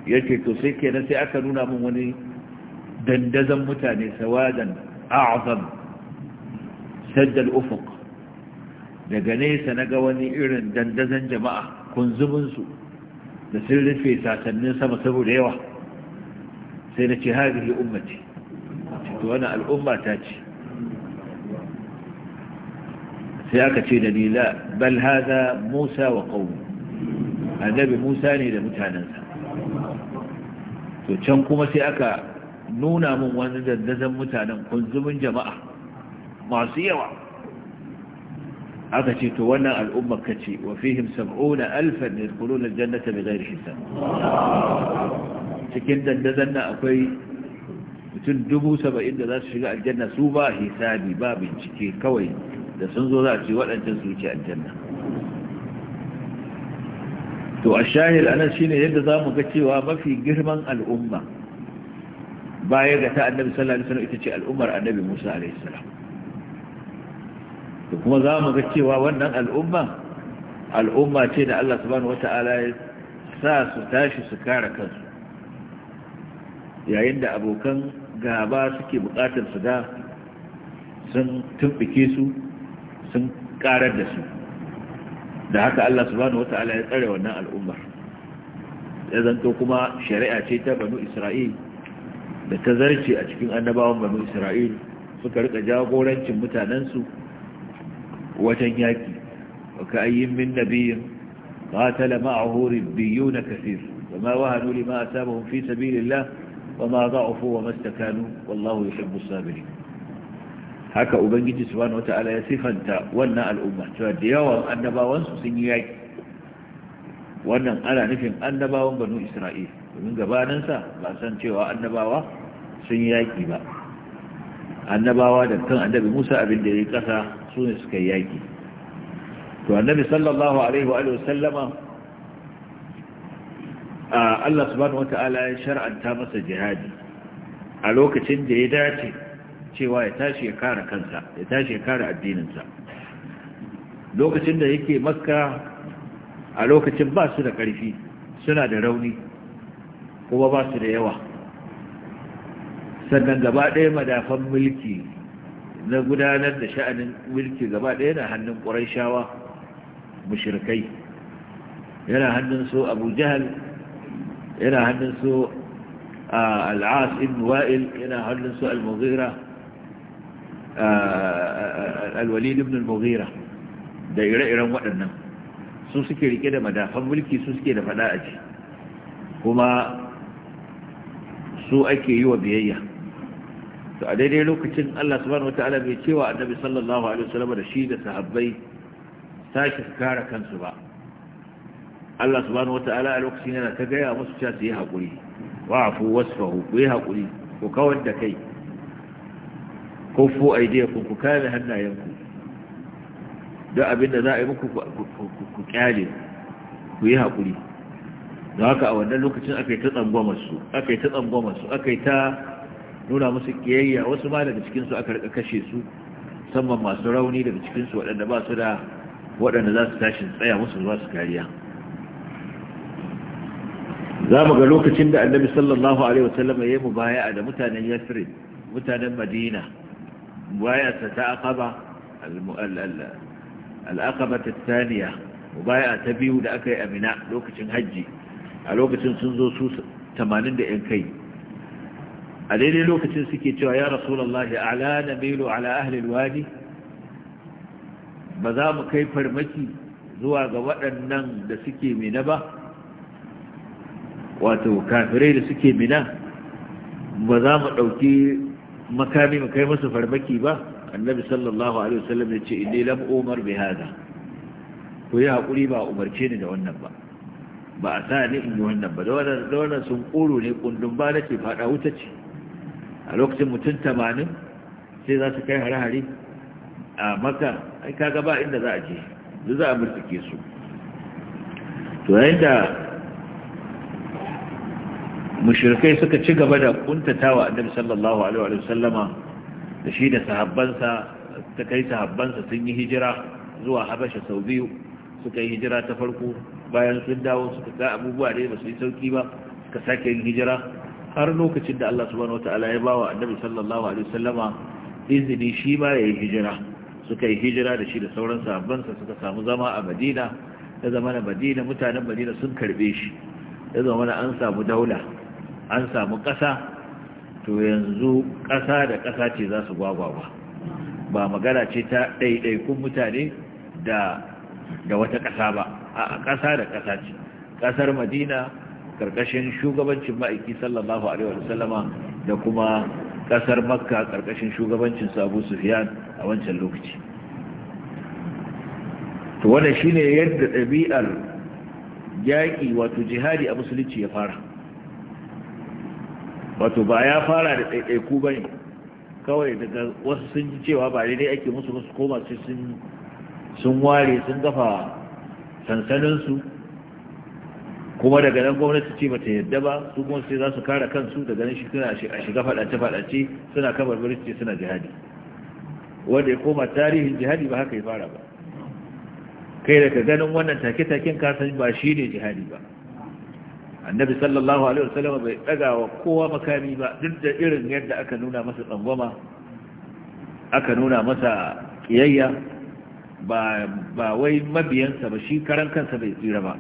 ya ce to sai kenan sai aka nuna min wani dandazon mutane sawadan a'azam saddal ufuk daga nesa na ga wani irin dandazon jama'a kunzuminsu da sun rufe sasannin sama saboda yawa sai na ce harihi ummati to wani al'umma ta ce sai aka ce da ni la bal hadha Musa wa qaumi annabi Musa ne da mutanensa, to can kuma sai aka nuna mun wani daddazan mutanen kunzumin jama'a masu yawa aka ce to wannan al'ummar ka ce wa fihim sab'una alfan yadkhuluna aljannata bighairi hisab cikin daddazan nan akwai mutum dubu saba'in da za su shiga aljanna su ba hisabi ba bincike kawai da sun zo za a ce waɗancan su wuce aljanna to a shahil anan shi ne yadda za mu ga cewa mafi girman al'umma baya ga ta annabi sallallahu alaihi ita ce al'ummar annabi Musa alaihi salam to kuma za mu ga cewa wannan al'umma al'umma ce da Allah subhanahu wata'ala ya sa su tashi su kare kansu yayin da abokan gaba suke bukatar su da sun tumbike su sun karar da su da haka Allah subhanahu wata'ala ya tsare wannan al'ummar ya zanto kuma shari'a ce ta banu Isra'il da ta zarce a cikin annabawan banu Isra'il suka rika jagorancin mutanensu wajen yaki waka ayyin min nabiyin qatala ma'ahu ribbiyuna kaseer wama wahanu lima asabahum fi sabilillah wama da'ufu wama istakanu wallahu yuhibbu as-sabirin haka ubangiji subhanahu wataala ya sifanta wannan al'umma cewa da yawan annabawansu sun yi yaƙi. wannan ana nufin annabawan banu isra'il domin gabaninsa ba san cewa annabawa sun yi yaƙi ba annabawa da kan annabi musa abin da ya yi ƙasa, su ne suka yi yaƙi. to annabi sallallahu alaihi wa sallama Allah subhanahu wataala ya shar'anta masa jihadi a lokacin da ya dace cewa ya tashi ya kare kansa ya tashi ya addininsa lokacin da yake makka a lokacin ba su da ƙarfi suna da rauni kuma ba su da yawa sannan gaba ɗaya madafan mulki na gudanar da sha'anin mulki gaba ɗaya na hannun ƙwarai shawa mushirkai yana hannun su abu yana hannun su al'as ibn wa'il yana hannun su al-mughira alwalid ibn al-mughira da ire-iren waɗannan su suke rike da madafan mulki su suke da fada a ji kuma su ake yi wa biyayya to a daidai lokacin Allah subhanahu ta'ala mai cewa annabi sallallahu alaihi wasallam da shi da sahabbai sake kare kansu ba Allah subhanahu ta'ala a lokacin yana ta gaya musu cewa su yi hakuri wa wasu wasfahu ku yi hakuri ku kawar da kai fo aidiyakum ku kare hannayenku Don abin da za a yi muku ku kyale ku yi haƙuri da haka a wannan lokacin aka yi ta su aka yi ta su aka yi ta nuna musu kiyayya wasu ma daga cikinsu aka rika kashe su musamman masu rauni daga cikinsu waɗanda ba su da waɗanda za su tashi tsaya musu ba su kariya za mu ga lokacin da annabi sallallahu alaihi wasallam ya yi mu baya da mutanen yasirin mutanen madina مبايعة تأقبة الأقبة الثانية مبايعة تبيو لأكي أمناء لوكة هجي لوكة سنزو سوس تمانين دئن كي أليلي لوكة سكيتوا يا رسول الله أعلا نبيل على أهل الوادي مذام كيف المكي زواغ وأنن دسكي منبه wato kafirai da suke mina ba za mu ɗauki makami mu kai musu farmaki ba annabi sallallahu alaihi wasallam ya ce inni lam umar bi hada ko ya hakuri ba umarce ni da wannan ba ba a sa ni in yi wannan ba da wannan sun koro ne kundin ba nake fada wuta ce a lokacin mutum tamanin sai za su kai hare-hare a maka ai kaga ba inda za a je duk za a murtuke su to yayin da mushrikai suka ci gaba da kuntata wa annabi sallallahu alaihi wa da shi da sahabbansa ta kai sahabbansa sun yi hijira zuwa habasha sau biyu suka yi hijira ta farko bayan sun dawo suka ga abubuwa da ba su yi sauki ba suka sake yin hijira har lokacin da Allah subhanahu wataala ya bawa annabi sallallahu alaihi wasallama izini shi ma ya yi hijira suka yi hijira da shi da sauran sahabbansa suka samu zama a Madina da zama na Madina mutanen Madina sun karbe shi da zama an samu daula an samu ƙasa to yanzu ƙasa da ƙasa ce za su gwagwagwa ba magana ce ta ɗaiɗaikun mutane da wata ƙasa ba a ƙasa da ƙasa ce ƙasar madina ƙarƙashin shugabancin ma'aiki sallallahu alaihi wasallama da kuma ƙasar makka ƙarƙashin shugabancin sabu sufiyan a wancan lokaci to wannan shine yadda ɗabi'ar yaƙi wato jihadi a musulunci ya fara wato ba ya fara da ɗaiɗaiku ba ne kawai daga wasu sun ji cewa ba daidai ake musu musu koma sai sun ware sun gafa sansaninsu kuma daga nan gwamnati ce ba ta yadda ba su kuma sai za su kare kansu daga nan shi suna a shiga faɗace-faɗace suna kamar ce suna jihadi wanda ya koma tarihin jihadi ba haka ya fara ba kai daga ganin wannan take-taken kasan ba shi ne jihadi ba annabi sallallahu alaihi wasallam bai daga wa kowa makami ba duk da irin yadda aka nuna masa tsangwama aka nuna masa kiyayya ba ba wai mabiyansa ba shi karan kansa bai tsira ba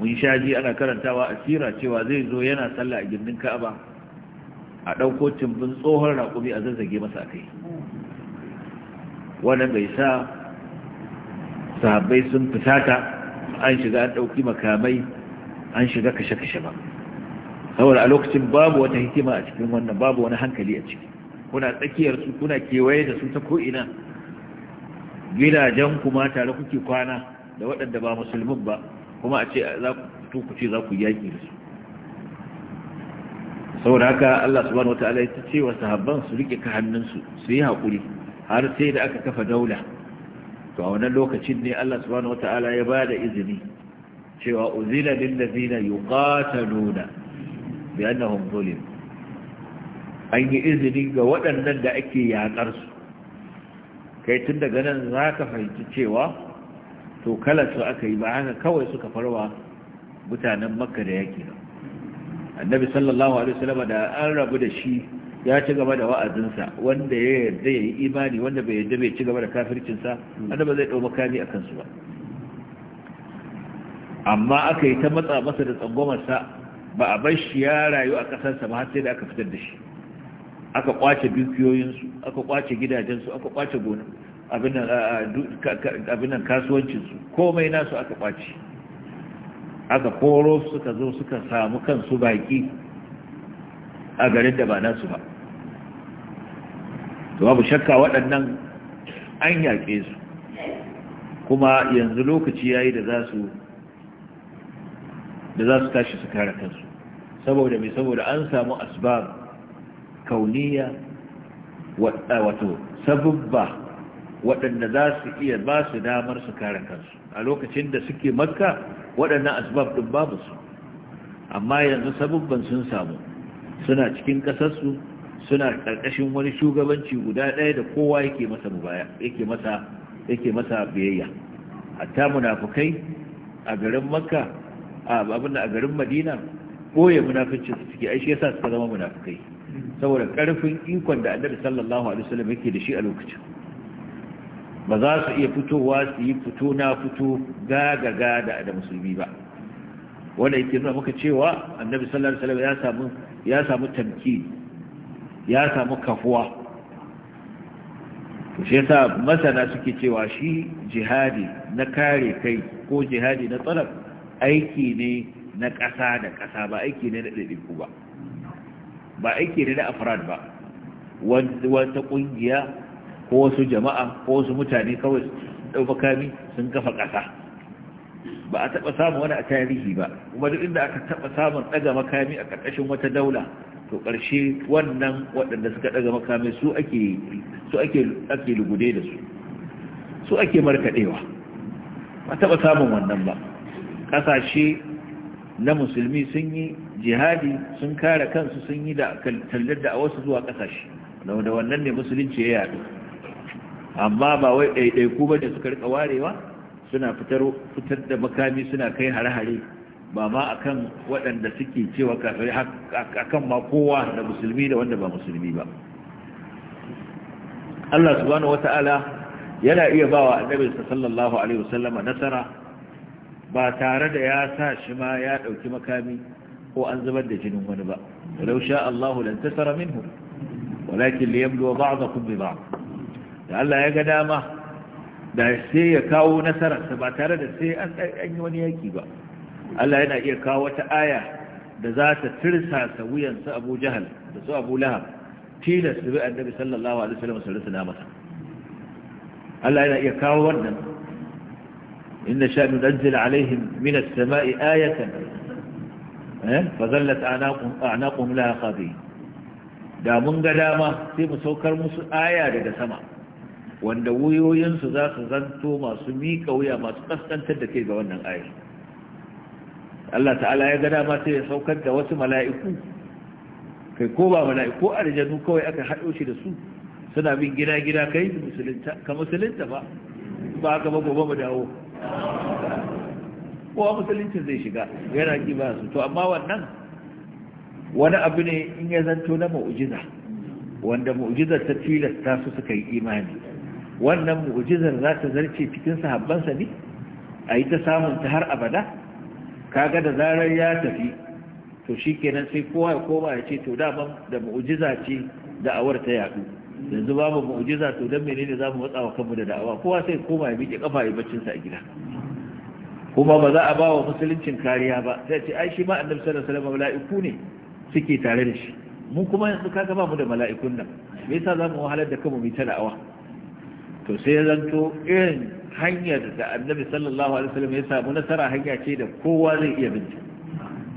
mun sha ji ana karantawa a cewa zai zo yana sallah a gindin Ka'aba a dauko cimbin tsohon raƙumi a zazzage masa kai wannan bai sa sahabbai sun fitata an shiga an dauki makamai an shiga kashe-kashe ba saboda a lokacin babu wata hikima a cikin wannan babu wani hankali a ciki kuna tsakiyar su kuna kewaye da su ta ko'ina gidajen kuma tare kuke kwana da waɗanda ba musulmin ba kuma a ce za ku fito ce za ku yaƙi da su saboda haka Allah subhanahu wataala ya ce wa sahabban su rike ka hannunsu su yi haƙuri har sai da aka kafa daula to a wannan lokacin ne Allah subhanahu wataala ya ba da izini cewa uzila lillazina yuqataluna nuna, annahum zulim an yi izini ga waɗannan da ake yaƙar su kai tun daga nan za ka fahimci cewa to kalar su aka yi ba haka kawai suka farwa mutanen makka da yaƙi nan annabi sallallahu alaihi wasallam da an rabu da shi ya ci gaba da wa'azinsa wanda ya yarda ya yi imani wanda bai yarda bai ci gaba da kafircinsa annabi zai ɗau makami a kansu ba amma aka yi ta matsa masa da tsangomarsa ba a bar shi ya rayu a ƙasarsa ba har sai da aka fitar da shi aka kwace dukiyoyinsu aka kwace gidajensu aka kwace abin nan kasuwancinsu komai nasu aka kwace aka koro suka zo suka samu kansu baki a garin da ba nasu ba to babu shakka waɗannan an yaƙe su kuma yanzu lokaci yayi da za su da za su tashi su kare kansu saboda mai saboda an samu asbab kauniya wato sabubba waɗanda za su iya ba su damar su kare kansu a lokacin da suke makka waɗannan asbab ɗin babu su amma yanzu sabubban sun samu suna cikin ƙasarsu suna ƙarƙashin wani shugabanci guda ɗaya da kowa yake masa mubaya yake masa yake masa biyayya hatta munafukai a garin makka a abin da a garin madina ɓoye munafici su suke aishi yasa suka zama munafikai saboda ƙarfin ikon da annabi sallallahu alaihi wasallam yake da shi a lokacin ba za su iya fitowa su yi fito na fito ga da da musulmi ba wanda yake nuna maka cewa annabi sallallahu alaihi wasallam ya samu ya samu tamki ya samu kafuwa to shi yasa masana suke cewa shi jihadi na kare kai ko jihadi na tsarar aiki ne na ƙasa da ƙasa ba aiki ne na ku ba ba aiki ne na afirat ba wata ƙungiya ko wasu jama'a ko wasu mutane kawai ɗau makami sun kafa ƙasa ba a taɓa samun wani a tarihi ba kuma duk inda aka taɓa samun ɗaga makami a ƙarƙashin wata daula to ƙarshe wannan waɗanda suka ɗaga makami su ake lugude da su su ake markaɗewa ba taɓa samun wannan ba kasashe na musulmi sun yi jihadi sun kare kansu sun yi da tallar da a wasu zuwa kasashe da wannan ne musulunci ya yadu amma ba wai ɗaiɗaiku ba da suka rika warewa suna fitar da makami suna kai hare-hare ba ma akan waɗanda suke cewa kafin a kan makowa da musulmi da wanda ba musulmi ba Allah subhanahu wata'ala yana iya bawa annabinsa sallallahu alaihi wasallama nasara ba tare da ya sa shi ma ya ɗauki makami ko an zubar da jinin wani ba walau sha Allahu lan tasara minhu walakin li yabluwa ba'dakum bi ba'd da Allah ya ga dama da sai ya kawo nasararsa ba tare da sai an yi wani yaki ba Allah yana iya kawo wata aya da za ta tirsasa wuyansa abu jahal da su abu lahab tilas da annabi sallallahu alaihi wasallam su alaihi masa. Allah yana iya kawo wannan إن شاء ننزل عليهم من السماء آية فظلت أعناقهم, أعناقهم لها خاضين da mun ga dama sai mu saukar musu aya daga sama wanda wuyoyinsu za su zanto masu miƙa wuya masu ƙasƙantar da ke ga wannan aya Allah ta'ala ya ga dama sai ya saukar da wasu mala'iku kai ko ba mala'iku a aljanu kawai aka haɗo shi da su suna bin gina gina kai ka musulunta ba ba haka ba gobe mu dawo kowa musulunci zai shiga yana ki su to amma wannan wani abu ne in ya zanto na mu'jiza wanda mu'ujizar ta tilasta su suka yi imani wannan mu'ujizar za ta zarce cikin sahabbansa ne a yi ta samun ta har abada kaga da zarar ya tafi to shi kenan sai kowa ya koma ya ce to daman da mu'ujiza ce da awar ta yaɗu. yanzu babu mu'jiza to dan menene zamu matsa wa kanmu da da'awa kowa sai koma ya miƙe kafa ya baccin sa a gida kuma ba za a ba wa musuluncin kariya ba sai ce ai shi ma annabi sallallahu alaihi wasallam mala'iku ne suke tare da shi mu kuma yanzu kaga ba mu da mala'ikun nan me yasa zamu wahalar da kanmu mu ta da'awa to sai ya zanto irin hanyar da annabi sallallahu alaihi wasallam ya samu nasara hanya ce da kowa zai iya binta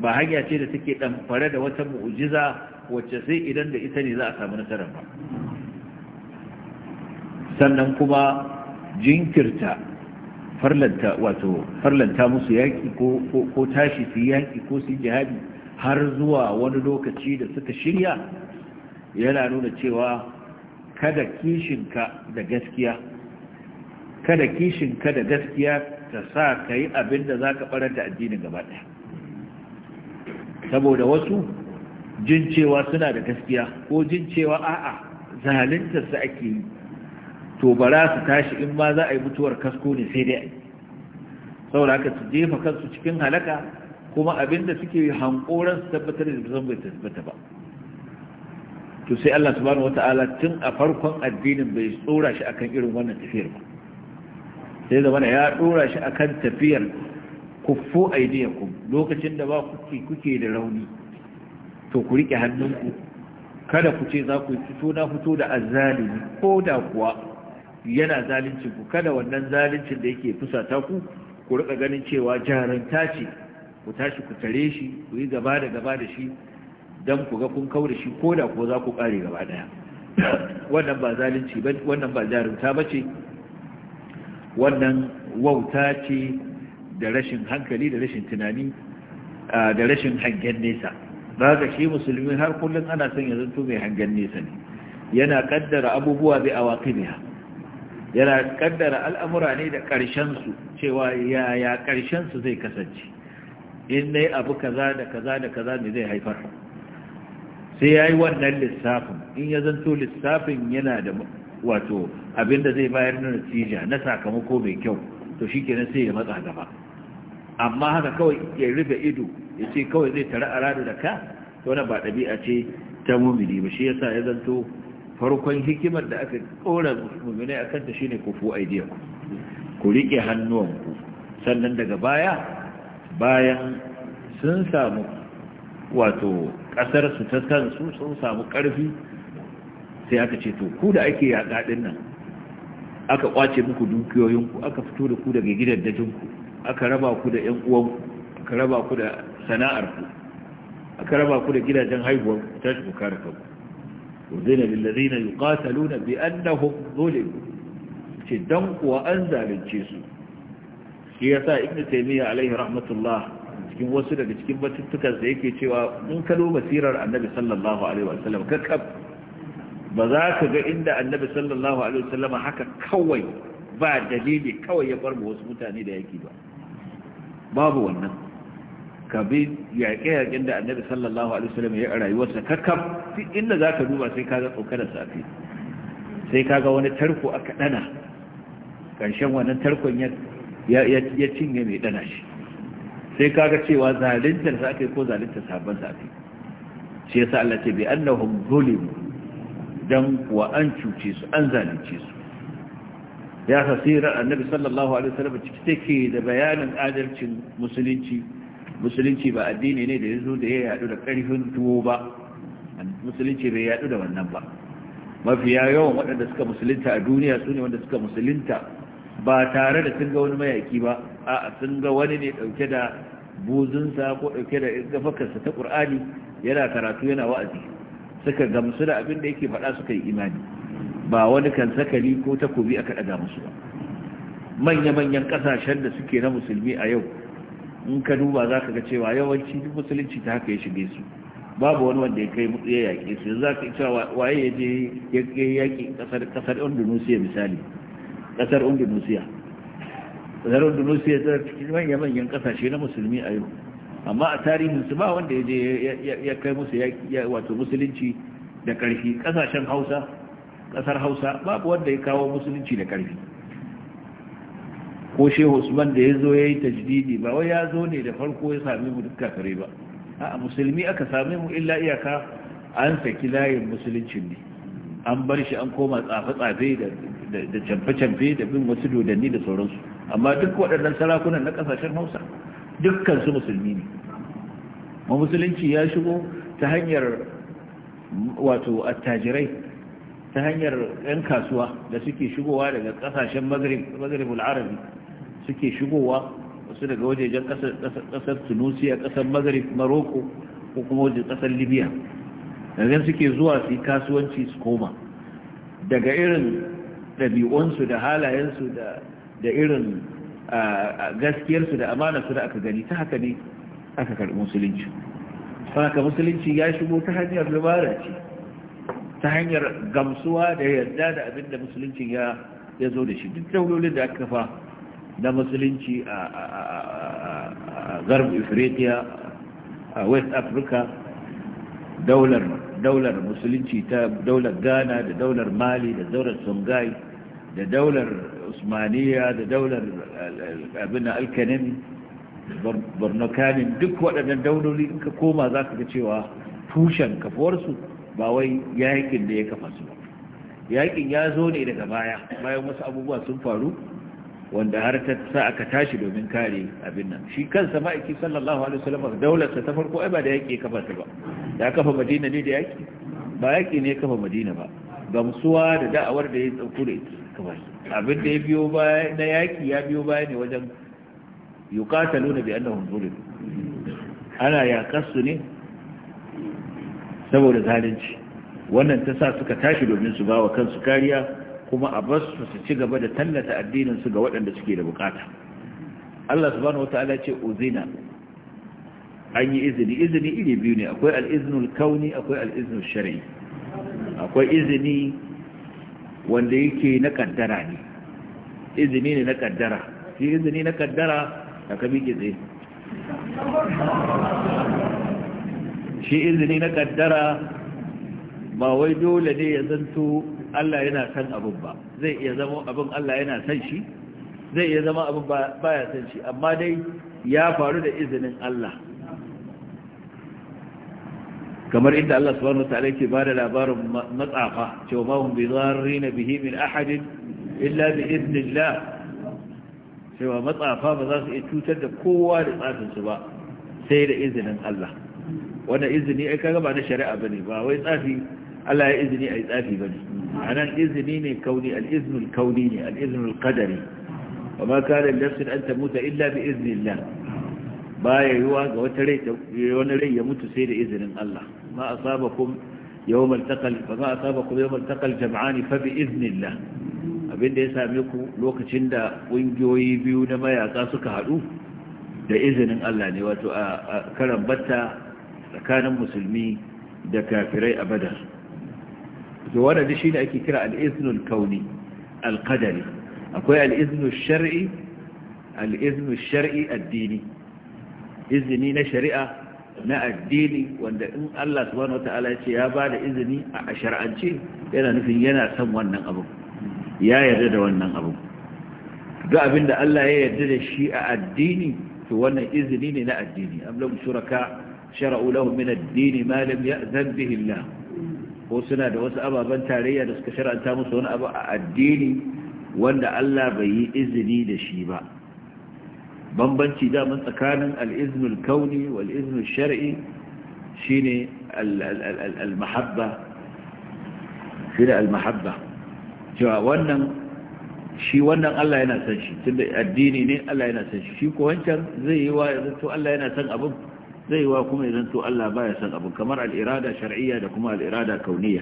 ba hanya ce da take damfare da wata mu'jiza wacce sai idan da ita ne za a samu nasara ba sannan kuma jinkirta farlanta wato farlanta musu yaƙi ko tashi su yaki ko su jihadi har zuwa wani lokaci da suka shirya yana nuna cewa kada kishinka da gaskiya kada kishinka da gaskiya ta sa ka yi abin da za ka faranta addinin gaba ɗaya saboda wasu jin cewa suna da gaskiya ko jin cewa a'a zalintarsa ake yi to bara su tashi in ma za a yi mutuwar kasko ne sai dai saboda haka su jefa kansu cikin halaka kuma abinda suke hankoran su tabbatar da zan bai tabbata ba to sai Allah subhanahu wata'ala tun a farkon addinin bai tsora shi akan irin wannan tafiyar ba sai zamana ya tsora shi akan tafiyar kuffu aidiyakum lokacin da ba kuke kuke da rauni to ku rike hannunku kada ku ce za ku fito na fito da azzalimi ko da kuwa yana zalincin ku kada wannan zalincin da yake fusata ku ku rika ganin cewa jaranta ce ku tashi ku tare shi ku yi gaba da gaba da shi don ku ga kun kaure shi ko da ko za ku kare gaba daya (coughs) wannan ba zalunci ba wannan ba jarumta ba ce wannan wauta ce da rashin hankali da rashin tunani da rashin hangen nesa ba ga shi musulmi har kullum ana son ya zanto mai hangen nesa ne yana kaddara abubuwa bi awaqibiha yana kaddara al'amura ne da ƙarshensu cewa yaya ƙarshensu zai kasance in ne abu kaza da kaza da kaza ne zai haifar sai ya yi wannan lissafin in ya zanto lissafin yana da wato abin da zai bayar na natija na sakamako mai kyau to shi kenan sai ya matsa gaba amma haka kawai ya rufe ido ya ce kawai zai tara a da ka to wani ba ɗabi'a ce ta mumini ba shi yasa ya zanto farkon hikimar da aka tsora mummune a kanta shine ku fu aidiyaku ku riƙe hannuwanku sannan daga baya bayan sun samu wato ƙasarsu ta kansu sun samu ƙarfi sai aka ce to ku da ake yaƙaɗin nan aka ƙwace muku dukiyoyinku aka fito da ku daga gidajenku aka raba ku da 'yan uwanku aka raba ku da sana'arku aka raba ku da gidajen haihuwar ta shi ku kare kanku وزين للذين يقاتلون بأنهم ظلموا تدن وأنزل الجيس سياسة ابن تيمية عليه رحمة الله cikin wasu daga cikin batuttukan da yake cewa mun kalo basirar annabi sallallahu alaihi wasallam kakab ba za ka ga inda annabi sallallahu alaihi wasallam haka kawai ba dalili kawai ya bar wasu mutane da yake ba babu wannan ka bi yaƙe-yaƙen da annabi sallallahu alaihi wasallam ya rayuwarsa kakkaf duk inda za ka duba sai kaga tsokanar safi sai kaga wani tarko aka ɗana ƙarshen wannan tarkon ya cinye mai ɗana shi sai kaga cewa zalintar sa aka yi ko zalintar sabon safi shi yasa Allah ce bi annahum zulimu dan wa an cuce su an zalunce su ya tasirar annabi sallallahu alaihi wasallam ciki take da bayanin adalcin musulunci musulunci ba addini ne da ya zo da ya yadu da karfin tuwo ba musulunci bai yadu da wannan ba mafiya yawan waɗanda suka musulunta a duniya su ne wanda suka musulunta ba tare da sun ga wani mayaki ba a sun ga wani ne ɗauke da buzunsa ko ɗauke da gafakarsa ta ƙur'ani yana karatu yana wa'azi suka gamsu da abin da yake faɗa suka yi imani ba wani kan sakali ko takobi aka ɗaga musu ba manya-manyan ƙasashen da suke na musulmi a yau in ka duba za ka ga cewa yawanci duk musulunci ta haka ya shige su babu wani wanda ya kai mutu ya yaƙe su yanzu za ka cewa waye ya je ya yaƙi ƙasar indonesia misali ƙasar indonesia ƙasar indonesia ta cikin manya-manyan ƙasashe na musulmi a yau amma a tarihin su ba wanda ya je ya kai musu wato musulunci da ƙarfi ƙasashen hausa ƙasar hausa babu wanda ya kawo musulunci da ƙarfi ko shehu usman da ya zo ya yi tajdidi ba wai ya zo ne da farko ya sami mu duka kare ba a musulmi aka sami mu illa iyaka an saki layin musulunci ne an bar shi an koma tsafe-tsafe da camfe-camfe da bin wasu dodanni da sauransu amma duk waɗannan sarakunan na ƙasashen hausa dukkansu musulmi ne ma musulunci ya shigo ta hanyar wato attajirai ta hanyar 'yan kasuwa da suke shigowa daga ƙasashen maghrib arabi suke shigowa wasu daga wajejen kasar tunisia kasar maghrib maroko ko kuma wajen kasar libya yanzu suke zuwa su kasuwanci su koma daga irin ɗabi'unsu da halayensu da irin gaskiyarsu da amanarsu da aka gani ta haka ne aka karɓi musulunci haka musulunci ya shigo ta hanyar lumara ce ta hanyar gamsuwa da yarda da abin da musulunci ya zo da shi duk daulolin da aka fa na musulunci a garb ifriqiya a west africa daular musulunci ta daular ghana da daular mali da daular songhai da daular usmaniya da daular eh, abin alkanin bornokanin duk waɗannan daunoli ka koma za ka cewa tushen kafuwarsu ba wai yakin da ya kafa su ba yakin ya zo ne daga baya bayan wasu abubuwa sun faru wanda har ta sa aka tashi domin kare abin nan shi kansa ma'aiki sallallahu alaihi wasallam daularsa ta farko ai ba da yake kafa ta ba ya kafa madina ne da yake ba yake ne kafa madina ba gamsuwa da da'awar da ya tsauko da ita kafa abin da ya biyo baya na yaki ya biyo baya ne wajen yuqataluna bi annahum zulm ana kasu ne saboda zalunci wannan ta sa suka tashi domin su ba wa kansu kariya kuma a bar su su ci gaba da tallata addinin su ga waɗanda suke da bukata Allah subhanahu wataala ce uzina an yi izini izini iri biyu ne akwai al'izinul kauni akwai al'izinul shari'i akwai izini wanda yake na kaddara ne izini ne na kaddara shi izini na kaddara da ka miƙe tsaye shi izini na kaddara ba wai dole ne ya zanto Allah yana san abin ba zai iya zama abin Allah yana san shi zai iya zama abin ba ya san shi amma dai ya faru da izinin Allah kamar inda Allah subhanahu wataala yake da labarin matsafa cewa ma hum bidarrin bihi min ahad illa bi idnillah cewa matsafa ba za su iya cutar da kowa da tsafin su ba sai da izinin Allah wanda izini ai kaga ba na shari'a bane ba wai tsafi Allah ya izini ai tsafi bane anan izini ne kauni al-iznul kauni ne al-iznul qadari wa ma kana nafsin an tamuta illa bi iznillah baya yiwa ga wata rai wani rai ya mutu sai da izinin Allah ma asabakum yawm abinda ya sami ku lokacin da ƙungiyoyi biyu na mayasa suka haɗu da izinin Allah ne wato a karan batta tsakanin musulmi da kafirai a badar to wannan da ne ake kira al-iznul kauni al-qadari akwai al-iznul shar'i al-iznul shar'i izini na shari'a na addini wanda in Allah subhanahu wata'ala ya ya ba da izini a shar'ance yana nufin yana son wannan abu ya yarda da wannan abu duk abinda Allah ya yarda da shi a addini to wannan izini ne na addini am lahum shuraka shara'u lahum min ad-din ma lam ya'zan bihi Allah ko suna da wasu ababen tarayya da suka shar'anta musu wani abu a addini wanda Allah bai yi izini da shi ba bambanci daman tsakanin al'iznul kauni wal'iznul shari'i shi ne al-mahabba cewa wannan shi wannan Allah yana san shi tunda addini ne Allah yana san shi shi ko wancan zai yi wa yanzu Allah yana san abin zai wa kuma idan to Allah baya san abu kamar al'irada shar'iyya da kuma al'irada kauniya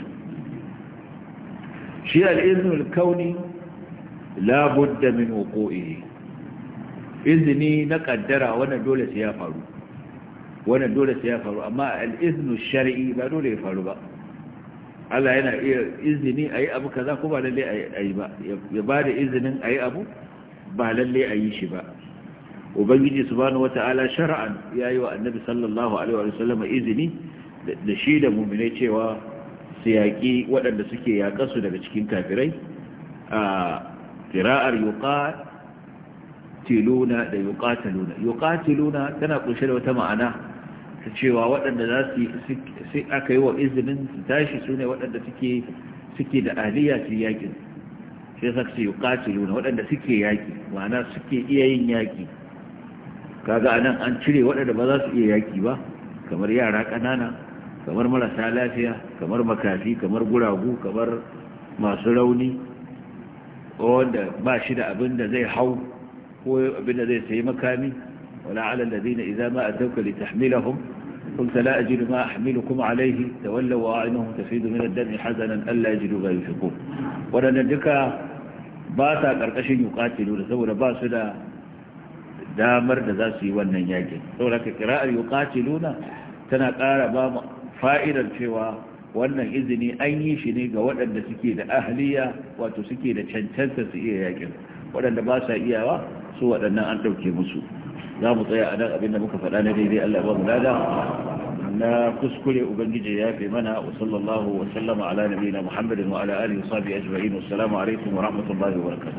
shi al'iznul kauni la budda min wuqu'ihi izini na kaddara wannan dole sai ya faru wannan dole sai ya faru amma al'iznu shar'i ba dole ya faru ba Allah yana iya izini a yi abu kaza ko ba lalle a yi ba ya ba da izinin a yi abu ba lalle a yi shi ba ubangiji subhanahu wata'ala shar'an yayi wa annabi sallallahu alaihi wa sallam izini da shi da mu'minai cewa su yaƙi waɗanda suke yaƙansu daga cikin kafirai a kira'ar yuqatiluna da yuqatiluna yuqatiluna tana ƙunshe da wata ma'ana ta cewa waɗanda za su yi aka yi wa izinin su tashi su ne waɗanda suke da aliyya su yaƙin sai sa su yuqatiluna waɗanda suke yaƙi ma'ana suke iya yin yaƙi kaga anan an cire waɗanda ba za su iya yaki ba kamar yara ƙanana kamar marasa lafiya kamar makafi kamar guragu kamar masu rauni wanda ba shi da abin da zai hau ko abin da zai sayi makami wala ala alladhina idza ma atawka litahmilahum قلت لا أجد ما أحملكم عليه تولوا وأعينهم تفيد من الدم حزنا ألا يجدوا ما ينفقون ولن دكا باتا saboda ba su da. damar da za su yi wannan yakin saboda ka kira'ar yuqatiluna tana ƙara ba fa'idar cewa wannan izini an yi shi ne ga waɗanda suke da ahliya wato suke da cancanta su iya yakin waɗanda ba sa iyawa su waɗannan an ɗauke musu za mu tsaya a nan abin da muka faɗa na daidai Allah ba mu lada na kuskure ubangiji ya fi mana wa sallallahu wa sallama ala nabiyina muhammadin wa ala alihi wa sahbihi ajma'in assalamu alaikum wa rahmatullahi wa barakatuh